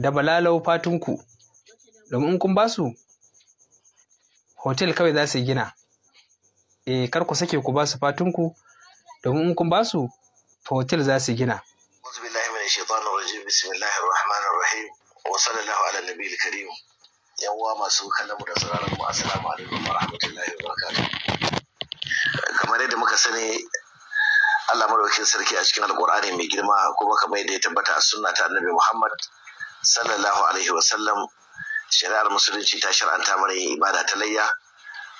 da balalau fatunku domin in kun basu hotel kawai za su gina e kar ku sake ku basu fatunku domin in kun basu hotel za su gina yawwa masu kallon da sauraron mu assalamu alaikum wa rahmatullahi wa kamar yadda muka sani Allah madaukakin sarki a cikin alƙurani mai girma kuma kamar yadda ya tabbata a sunna ta annabi Muhammad sallallahu alaihi wasallam shari'ar musulunci ta shar'anta mana yin ibada ta layya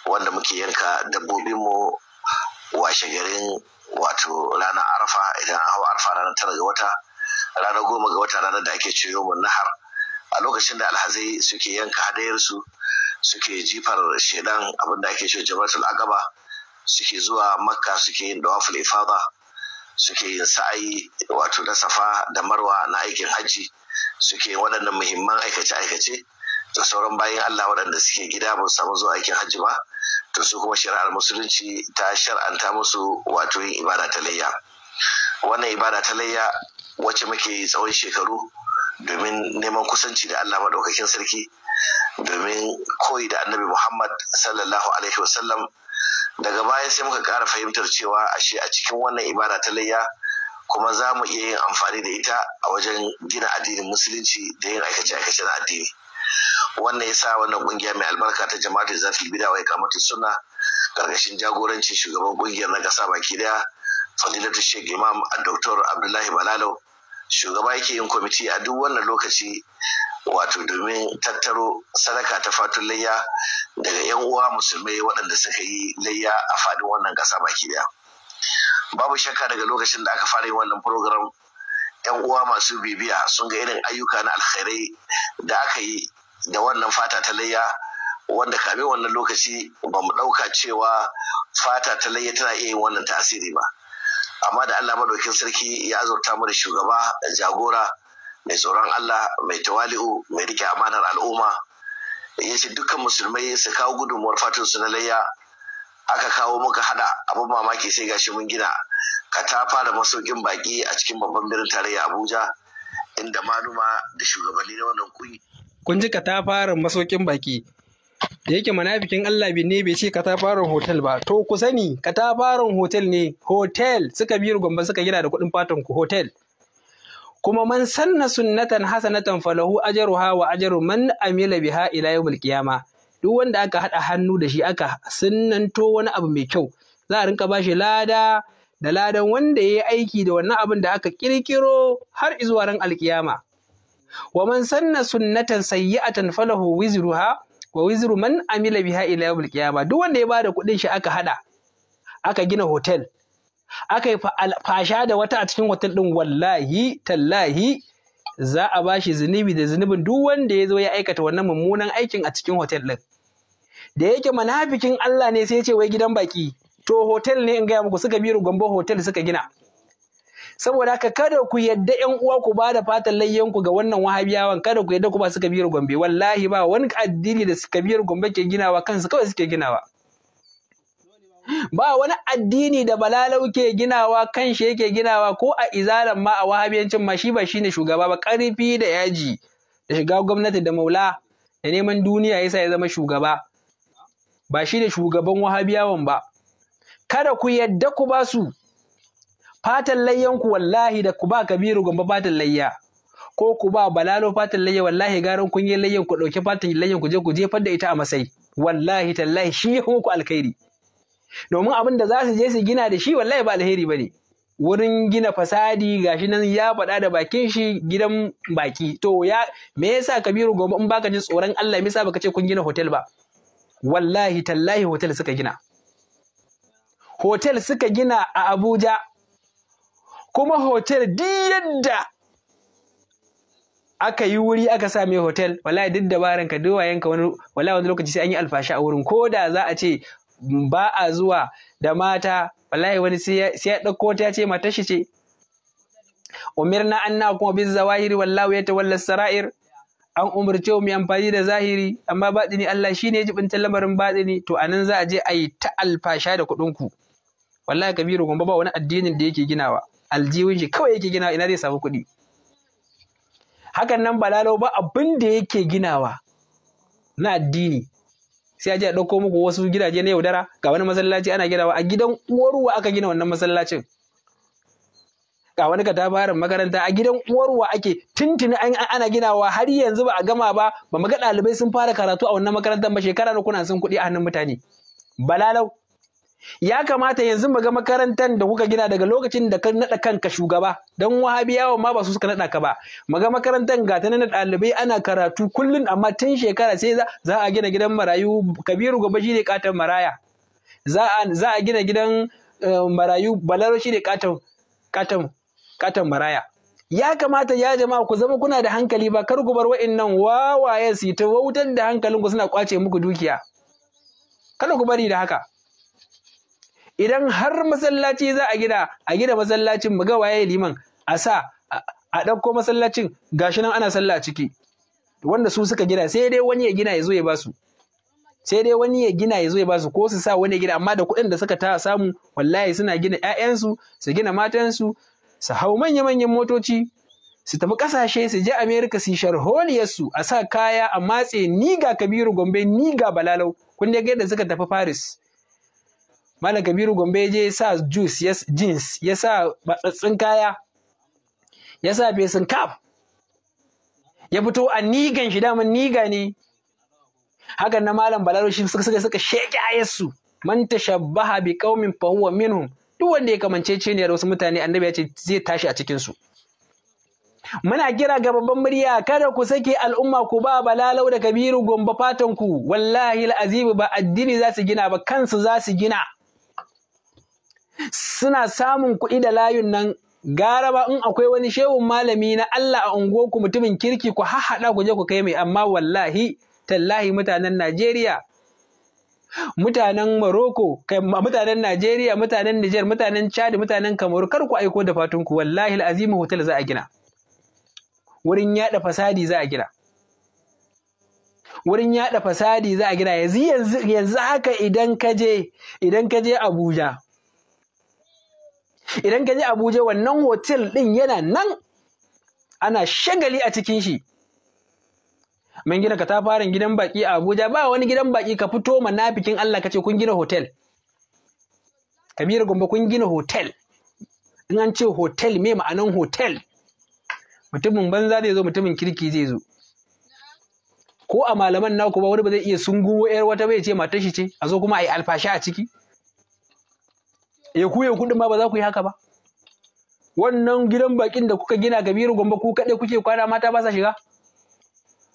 wanda muke yanka dabbobinmu washe garin wato ranar arfa idan an hau arfa ranar tara ga wata ranar goma ga wata ranar da ake ciyo mun nahar a lokacin da alhazai suke yanka hadayarsu suke jifar shedan abinda ake ciyo jama'atul agaba suke zuwa makka suke yin dawaful ifada suke yin sa'ayi wato nasafa safa da marwa na aikin hajji suke waɗannan muhimman aikace-aikace da sauran bayan Allah waɗanda suke gida ba samu zuwa aikin hajji ba to su kuma shari'ar musulunci ta shar'anta musu wato yin ibada ta layya wannan ibada ta layya wacce muke yi tsawon shekaru domin neman kusanci da Allah maɗaukakin sarki domin koyi da annabi Muhammad sallallahu alaihi wasallam daga baya sai muka ƙara fahimtar cewa ashe a cikin wannan ibada ta layya kuma za mu iya yin amfani da ita a wajen gina addinin musulunci da yin aikace-aikace na addini wannan ya sa wannan ƙungiya mai albarka ta jama'atul zafil bida wai kamata Suna. karkashin jagorancin shugaban ƙungiyar na kasa baki daya fadilatu sheikh imam dr abdullahi balalo shugaba yake yin kwamiti a duk wannan lokaci wato domin tattaro sadaka ta fatun layya daga 'yan uwa musulmai waɗanda suka yi layya a faɗin wannan ƙasa baki daya babu shakka daga lokacin da aka fara yin wannan program yan uwa masu bibiya sun ga irin ayyuka na alkhairai da aka yi da wannan fata ta layya wanda kamin wannan lokaci ba mu ɗauka cewa fata ta layya tana iya yin wannan tasiri ba amma da Allah madaukin sarki ya azurta mu da shugaba jagora mai tsoron Allah mai tawali'u mai rike amanar al'umma ya ce dukkan musulmai su kawo gudunmuwar fatan su na layya aka kawo muka hada abin mamaki sai gashi mun gina katafa da masaukin baki a cikin babban birnin tarayya abuja inda manuma da shugabanni na wannan kungi kun ji katafarin masaukin baki da yake manafikin Allah ne bai ce fara hotel ba to ku sani katafaren hotel ne hotel suka biyar gomba suka gina da kuɗin fatan ku hotel kuma man sanna sunnatan hasanatan falahu ajruha wa ajru man amila biha ila yawmil qiyamah duk wanda aka haɗa hannu da shi aka sunanto wani abu mai kyau za a rinka bashi lada da ladan wanda ya yi aiki da wannan abin da aka ƙirƙiro har izuwa ran alkiyama wa man sanna sunnatan sayyi'atan falahu wizruha wa wizru man amila biha ila yawmil qiyamah duk wanda ya bada kuɗin shi aka hada aka gina hotel aka yi fasha da wata a cikin hotel din wallahi tallahi za a ba shi zunubi da zunubin duk wanda ya zo ya aikata wannan mummunan aikin a cikin hotel ɗin da yake manafikin Allah ne sai ya ce wai gidan baki to hotel ne in gaya muku suka biro gombe hotel suka gina saboda haka kada ku yadda yan uwa ku ba da fatan layyanku ga wannan wahabiyawan kada ku yadda ku ba su kabiru gombe wallahi ba wani addini da kabiru gombe ke ginawa kansu kawai suke ginawa ba wani addini da balalau ke ginawa kan shi yake ginawa ko a izalan ma a wahabiyancin ma shi ba shine shugaba ba karfi da yaji da shiga gwamnati da maula da neman duniya yasa ya zama shugaba ba shi shugaban wahabiyawan ba kada ku yadda ku ba su fatan layyanku wallahi da ku ba kabiru gamba fatan layya ko ku ba balalo fatan layya wallahi garan kun yi layyan ku dauke fatan layyan ku je ku jefar da ita a masai wallahi tallahi shi ya ku alkhairi domin abin da za su je su gina da shi wallahi ba alheri ba ne wurin gina fasadi gashi nan ya faɗa da bakin shi gidan baki to ya me yasa kabiru gobe in baka ji tsoron Allah me yasa baka ce kun gina hotel ba wallahi tallahi hotel suka gina hotel suka gina a Abuja kuma hotel din yadda aka yi wuri aka sa mai hotel wallahi duk dabaran ka duwayen ka wani wallahi wani lokaci sai an yi alfashi a wurin ko da za a ce ba a zuwa da mata wallahi wani sai ya ɗauko ta ce matar shi ce umirna anna kuma bin zawahiri wallahu ya tawalla sara'ir an umarce mu amfani da zahiri amma batini Allah shine ya jibinta lamarin batini to anan za a je a yi ta alfasha da kuɗin ku wallahi kabiru gombe ba wani addinin da yake ginawa aljihun shi kawai yake ginawa ina zai samu kuɗi hakan nan balalo ba abin da yake ginawa na addini sai aje a ɗauko muku wasu gidaje na yaudara ga wani masallaci ana ginawa a gidan uwarwa aka gina wannan masallacin ga wani tabarin makaranta a gidan uwarwa ake tintini ana ginawa har yanzu ba a gama ba ba mu ga ɗalibai sun fara karatu a wannan makarantar ba shekara na kuna sun kuɗi a hannun mutane balalau ya kamata yanzu mu ga makarantar da kuka gina daga lokacin da ka naɗa kanka shugaba don wahabiyawa ma ba su suka naɗa ka ba mu ga makarantar ga ta na ɗalibai ana karatu kullum amma tun shekara sai za a gina gidan marayu kabiru gaba shi ne katon maraya za a gina gidan eh, marayu balaro shi ne katon maraya ya kamata ya jama'a ku zama kuna da hankali ba kar ku bar wa'annan wawaye su ta wautar da hankalinku suna kwace muku dukiya kada ku bari da haka idan har masallaci za a gina a gida masallacin mu ga waye liman a sa a ɗauko masallacin gashi nan ana sallah a ciki wanda su suka gina sai dai wani ya gina ya zo ya basu sai dai wani ya gina ya zo ya basu ko su sa wani ya gina amma da kuɗin da suka ta samu wallahi suna gina 'ya'yansu, su gina matansu su hau manya-manyan motoci su tafi ƙasashe su je Amerika su sharholiyarsu a sa kaya a matse ni ga Kabiru Gombe ni ga Balalau kun dai ga suka tafi Paris malam kabiru gombe je sa juice yes, jeans ya sa matsatsin kaya ya sa fesin kaf ya fito a nigan shi daman niga ne hakan na malam balaroshi suka suka suka sheke ayyansu man tashabbaha bi qaumin fa huwa minhum duk wanda ya kamance ceniyar wasu mutane annabi ya ce zai tashi a cikin su muna kira ga babban murya kada ku sake al'umma ku ba balalau da kabiru gomba fatan ku wallahi al'azim ba addini za su gina ba kansu za su gina suna samun kuɗi da layun nan gara ba in akwai wani shehun malami na Allah a unguwarku mutumin kirki ku hahaɗa ku je ku kai mai amma wallahi tallahi mutanen Najeriya mutanen Morocco mutanen Najeriya mutanen Niger mutanen Chad mutanen Kamaru kar ku aiko da fatun ku wallahi alazimi hotel za a gina wurin yada fasadi za a gina wurin yada fasadi za a gina yanzu yanzu haka idan ka je idan ka je Abuja idan ka je Abuja wannan hotel ɗin yana nan ana shagali a cikin shi mun gina katafaren gidan baki a Abuja ba wani gidan baki ka fito manafikin Allah kace kun gina hotel Kabiru Gombe kun gina hotel in an ce hotel me ma'anan hotel mutumin banza zai zo mutumin kirki zai zo ko a malaman naku ba wani ba zai iya sunguwo yar wata bai ce matar shi ce a zo kuma a yi alfashi a ciki ya eh, ku ya kuɗin ma ba za ku yi haka ba wannan gidan bakin da kuka gina kabiru gombe ku kaɗai kuke kwana mata ba sa shiga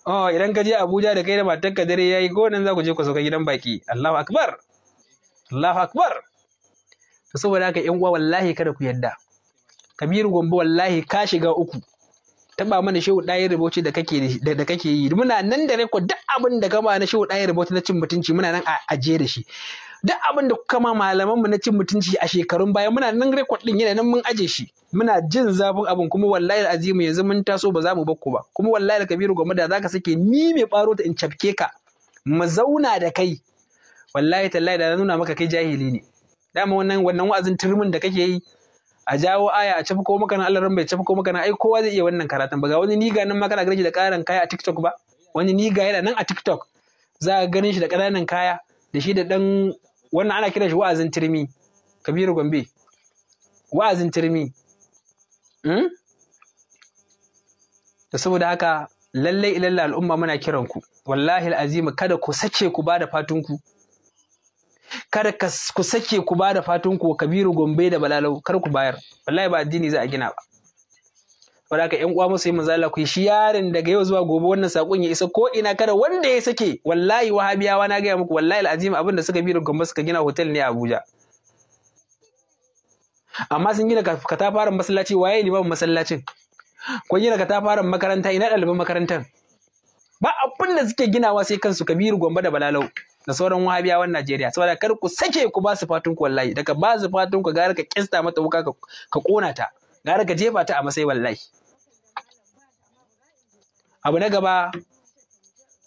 oh idan ka je abuja da kai da matarka dare yayi ko nan za ku je ku sauka gidan baki allahu akbar allahu akbar to saboda haka yan uwa wallahi kada ku yadda kabiru gombe wallahi ka shiga uku taba mana shehu ɗayan riboci da kake da kake yi muna nan da ko duk abin da gama na shehu ɗayan riboci na cin mutunci muna nan a ajiye da shi duk abin da kuka ma malaman mu na cin mutunci a shekarun baya muna nan record din yana nan mun aje shi muna jin zafin abin kuma wallahi azimu yanzu mun taso ba za mu ku ba kuma wallahi kabiru gwamma da zaka sake ni mai baro ta in cafke ka mu zauna da kai wallahi tallahi da nuna maka kai jahili ne dama wannan wannan wa'azin turmin da kake yi a jawo aya a cafko maka na Allah ran bai cafko maka na ai kowa zai iya wannan karatun ba ga wani ni ga nan ma kana ganin da karan kaya a TikTok ba wani niga yana nan a TikTok za ka ganin shi da ƙananan kaya da shi da ɗan wannan ana kiran shi wa'azin turmi kabiru gombe wa'azin turmi hmm? da saboda haka lallai ilalla al'umma muna kiran ku wallahi al'azima kada ku sake ku bada fatun ku kada ku sake ku bada fatun ku kabiru gombe da balalau kar ku bayar wallahi ba addini za a gina ba ko da ƴan uwa musu yi manzala ku shi yarin daga yau zuwa gobe wannan sakon ya isa ko ina kada wanda ya sake wallahi wahabiyawa na gaya muku wallahi al'azim abin da suka bi da gombe suka gina hotel ne a Abuja amma sun gina katafaren masallaci waye ne babu masallacin kun gina katafaren makaranta ina ɗaliban makarantar ba abin da suke ginawa sai kansu kabiru gombe da balalau da sauran wahabiyawan Najeriya saboda kar ku sake ku ba su fatun ku wallahi daga ba su fatun gara ka kista mata wuka ka kona ta gara ka jefa ta a masai wallahi abu na gaba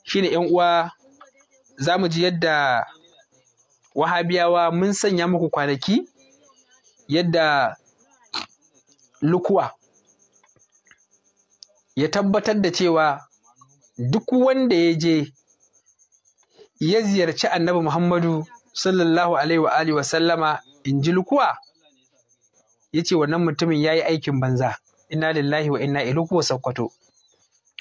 shine yan uwa za mu ji yadda wahabiyawa mun sanya muku kwanaki yadda lukuwa ya tabbatar da cewa duk wanda ya je ya ziyarci annabi muhammadu sallallahu alaihi wa sallama in ji lukuwa ya ce wannan mutumin ya yi aikin banza inna lillahi wa inna ilaihi sakkwato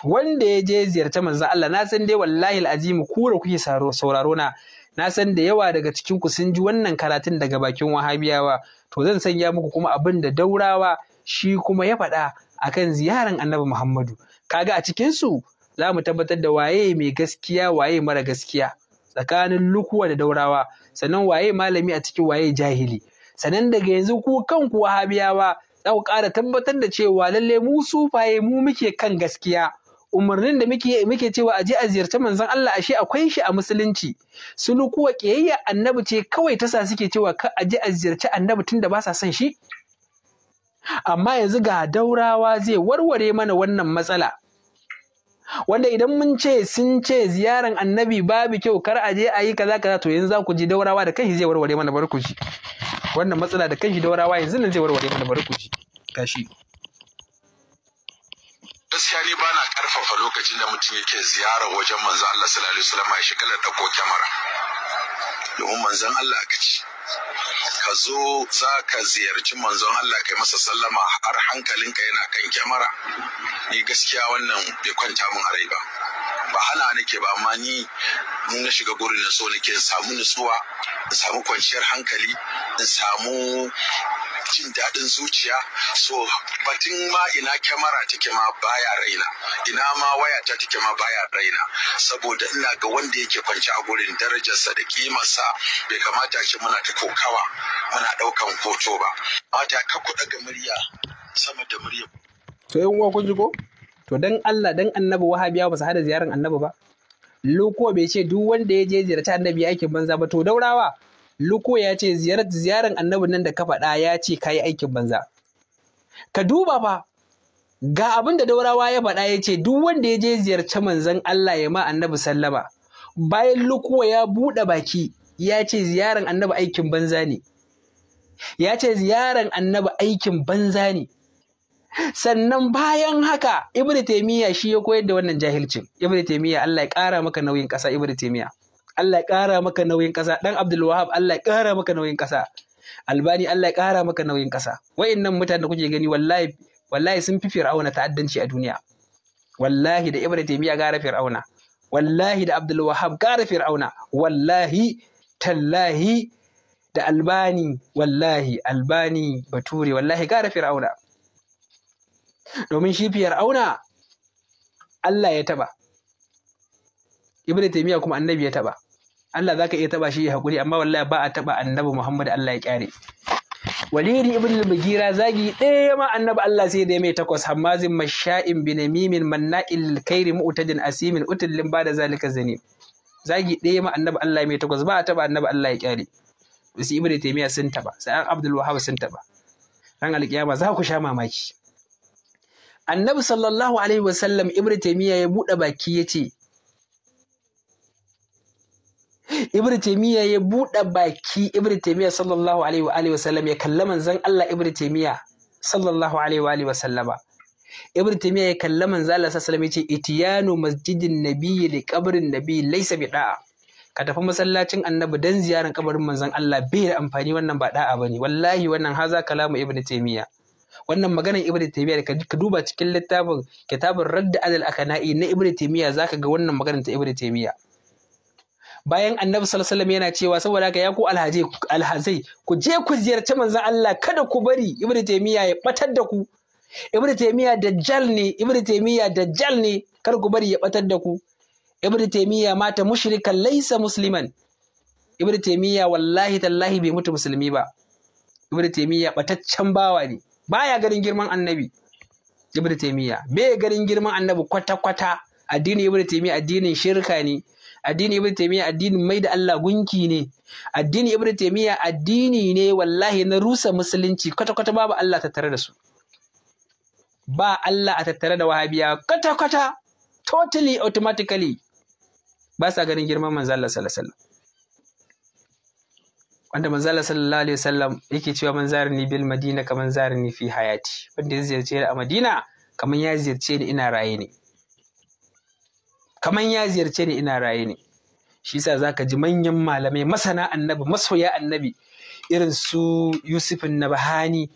wanda ya je ziyarci manzo Allah na san dai wallahi ku kura kuke sauraro na na san da yawa daga cikin ku sun ji wannan karatun daga bakin wahabiyawa to zan sanya muku kuma abin da daurawa shi kuma ya faɗa akan ziyaran annabi Muhammadu kaga a cikin su za mu tabbatar da waye mai gaskiya waye mara gaskiya tsakanin lukuwa da daurawa sanan waye malami a cikin waye jahili Sanan daga yanzu ku kanku wahabiyawa za ku ƙara tabbatar da cewa lalle mu sufaye mu muke kan gaskiya umarnin da muke muke cewa aje a ziyarci manzon Allah ashe akwai shi a musulunci sulu kuwa kiyayya annabi ce kawai ta sa suke cewa ka aje a ziyarci annabi da ba sa son shi amma yanzu ga daurawa zai warware mana wannan matsala wanda idan mun ce sun ce ziyaran annabi babu kyau kar aje a yi kaza kaza to yanzu za ku ji daurawa da kanshi zai warware mana barkuci wannan matsala da kanshi daurawa yanzu nan zai warware mana barkuci gashi gaskiya ni bana karfafa lokacin da mutum yake ziyara wajen manzan Allah sallallahu alaihi wasallam ya shiga da dako kyamara domin manzan Allah ka ci ka zo za ka ziyarci manzon Allah kai masa sallama har hankalinka yana kan kyamara ni gaskiya wannan bai kwanta min a rai ba ba hana nake ba amma ni mun na shiga gurin na so nake in samu nutsuwa in samu kwanciyar hankali in samu jin daɗin zuciya so batun ma ina kyamara take ma baya raina ina ma waya ta take ma baya raina saboda ina ga wanda yake kwance a gurin darajarsa da kimarsa bai kamata ce muna ta kokawa muna ɗaukan hoto ba mata ka kuɗa ga murya sama da murya to yan uwa kun ji ko to dan Allah dan annabi wahabiya ba su hada ziyarar annabi ba loko bai ce duk wanda ya je ziyarci annabi yake banza ba to daurawa luko ya ce ziyarar annabin nan da ka faɗa ya ce ka yi aikin banza ka duba fa ga abin da daurawa ya faɗa ya ce duk wanda ya je ziyarci manzon Allah ya ma annabi sallama bayan luko ya buɗe baki ya ce ziyarar annabi aikin banza ne ya ce ziyarar annabi aikin banza ne sannan bayan haka Ibn taymiya shi ya koyar da wannan jahilcin Ibn taymiya Allah ya ƙara maka nauyin ƙasa Ibn taymiya Allah ya ƙara maka nauyin ƙasa ɗan Abdul Wahab Allah ya ƙara maka nauyin ƙasa Albani Allah ya ƙara maka nauyin ƙasa nan mutanen da kuke gani wallahi wallahi sun fi Fir'auna ta'addanci a duniya wallahi da Ibrahim Taymiya gara Fir'auna wallahi da Abdul Wahab gara Fir'auna wallahi tallahi da Albani wallahi Albani Bature wallahi gara Fir'auna domin shi Fir'auna Allah ya taba Ibrahim Taymiya kuma annabi ya taba Allah za ka iya taba shi ya haƙuri amma wallahi ba a taba annabi Muhammad Allah ya kyare Waliri ibn al mughira zagi ɗaya ma annabi Allah sai da mai takwas hammazin masha'in Mimin manna'il kairi mu'tadin asimin utullin bada zalika zani zagi ɗaya ma annabi Allah mai takwas ba a taba annabi Allah ya kyare Wasu ibn Taymiyyah sun taba sai abdul wahhab sun taba ran alƙiyama za ku sha mamaki annabi sallallahu alaihi wasallam ibn Taymiyyah ya buɗe baki yace ibn taymiya ya buɗe baki ibn taymiya sallallahu alaihi wa alihi wasallam ya kalli manzon Allah ibn taymiya sallallahu alaihi wa alihi wasallama ibn taymiya ya kalli manzon Allah sallallahu alaihi ya ce itiyanu masjidin nabiyyi li qabrin nabiyyi laysa bi da'a ka tafi masallacin annabi dan ziyaran kabarin manzon Allah bai da amfani wannan ba da'a bane wallahi wannan haza kalamu ibn taymiya wannan maganar ibn taymiya ka duba cikin littafin kitabun radd adal akana'i na ibn taymiya zaka ga wannan maganar ta ibn taymiya bayan annabi sallallahu yana cewa saboda haka ya ku alhaji alhazai ku je ku ziyarci manzon Allah kada ku bari ibnu taymiya ya batar da ku ibnu taymiya dajjal ne ibnu taymiya dajjal ne kada ku bari ya batar da ku ibnu taymiya mata mushrika laysa musliman ibnu taymiya wallahi tallahi bai mutu musulmi ba ibnu taymiya bataccen bawa ne baya garin girman annabi ibnu taymiya bai garin girman annabi kwata kwata addinin ibnu taymiya addinin shirka ne addini ibnu taymiya addinin mai da Allah gunki ne addini ibnu taymiya addini ne wallahi na rusa musulunci kwata kwata babu Allah tattare da su ba Allah a tattare da wahabiya kwata kwata totally automatically ba sa ganin girman manzo Allah sallallahu alaihi wasallam wanda manzo Allah sallallahu alaihi wasallam yake cewa man zarani bil madina kaman zarani fi hayati wanda ya ziyarce a madina kaman ya ziyarce ni ina raye ne kamar ya ziyarce ni ina raye ne shi yasa zaka ji manyan malamai masana annabi masoya annabi irin su yusufin nabahani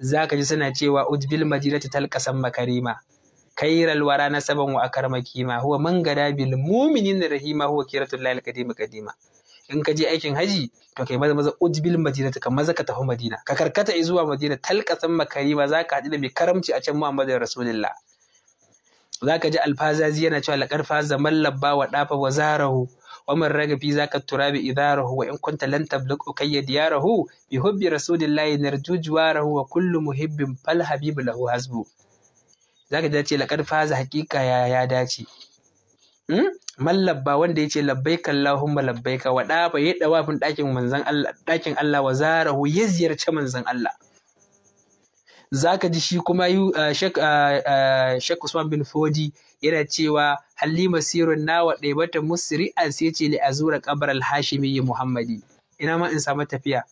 zaka ji suna cewa ujbil madinati talqasan makarima kairal wara saban wa akarma kima huwa Mangada bil mu'minin rahima huwa kiratul lail qadim qadima in ka je aikin haji to kai maza maza ujbil madinati ka maza ka tafi madina ka karkata zuwa madina talqasan makarima zaka haɗu da mai karamci a can muhammadin rasulullah zaka ji alfazazi yana cewa laqad faza man labba wa dafa wa zarahu wa man raga fi zaka turabi idarahu wa in kunta lan tablug ukayya diyarahu bi hubbi rasulillahi narju juwarahu wa kullu muhibbin fal habibu lahu hasbu zaka ji ce laqad faza hakika ya ya dace hmm? man labba wanda yace labbaika allahumma labbaika wa dafa yayi dakin manzon Allah dakin Allah wa zarahu ya ziyarci manzon Allah za ka ji shi kuma eh, shek eh, eh, usman bin fodi yana cewa halima sirrin nawa bata musiri an sai ce li azura kabar alhashimi muhammadi ina ma in samu tafiya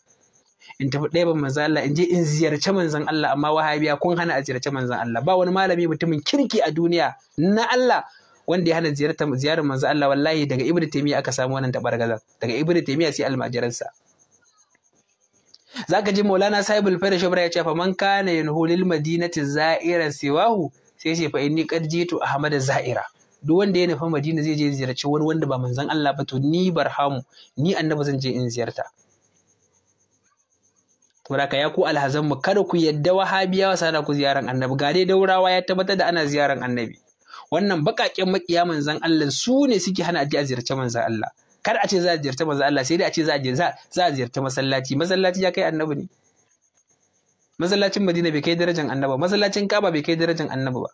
in tafi ɗaya manzo Allah in je in ziyarci manzon Allah amma wahabiya kun hana a ziyarci manzon Allah ba wani malami mutumin kirki a duniya na Allah wanda ya hana ziyarar manzo Allah wallahi daga Ibn Taymiyyah aka samu wannan tabargaza daga Ibn Taymiyyah sai almajiransa zaka ji maulana sahibul fayda shabra ya ce fa man kana yanhu lil madinati za'iran siwahu sai ce fa inni qad jitu ahmada za'ira duk wanda ya nufa madina zai je ziyarci wani wanda ba manzon Allah ba to ni barhamu ni annabi zan je in ziyarta to da ya ku alhazan mu kada ku yadda wahabiyawa sana ku ziyaran annabi ga dai daurawa ya tabbatar da ana ziyaran annabi wannan baƙaƙen maƙiya manzon Allah su ne suke hana a ziyarci manzon Allah kar a ce za a ziyarci manzo Allah sai dai a ce za a ziyarci masallaci masallaci ya kai annabi ne masallacin Madina bai kai darajar annabi masallacin Kaaba bai kai darajar annabi ba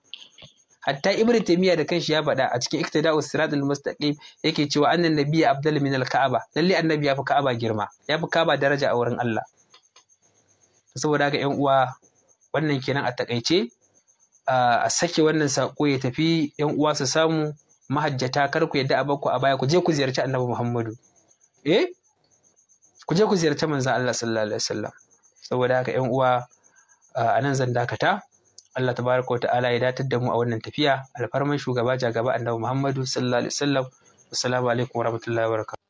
hatta ibnu Taymiyyah da kanshi ya faɗa a cikin iktida'us Siratul Mustaqim yake cewa annan nabiyya abdal min al-Ka'aba lalle annabi ya fi Ka'aba girma ya fi Ka'aba daraja a wurin Allah saboda haka ƴan uwa wannan kenan a takaice a sake wannan sako ya tafi ƴan uwa su samu mahajjata kar ku yadda a a baya ku je ku ziyarci annabi Muhammadu eh ku je ku ziyarci manzon Allah sallallahu alaihi wasallam saboda haka ƴan uwa a nan zan dakata Allah tabaraka Ta'ala ya datar da mu a wannan tafiya alfarman shugaba jagaba annabi Muhammadu sallallahu alaihi wasallam assalamu alaikum wa wabarakatuh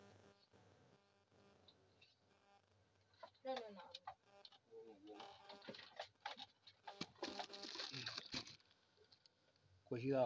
cohesiva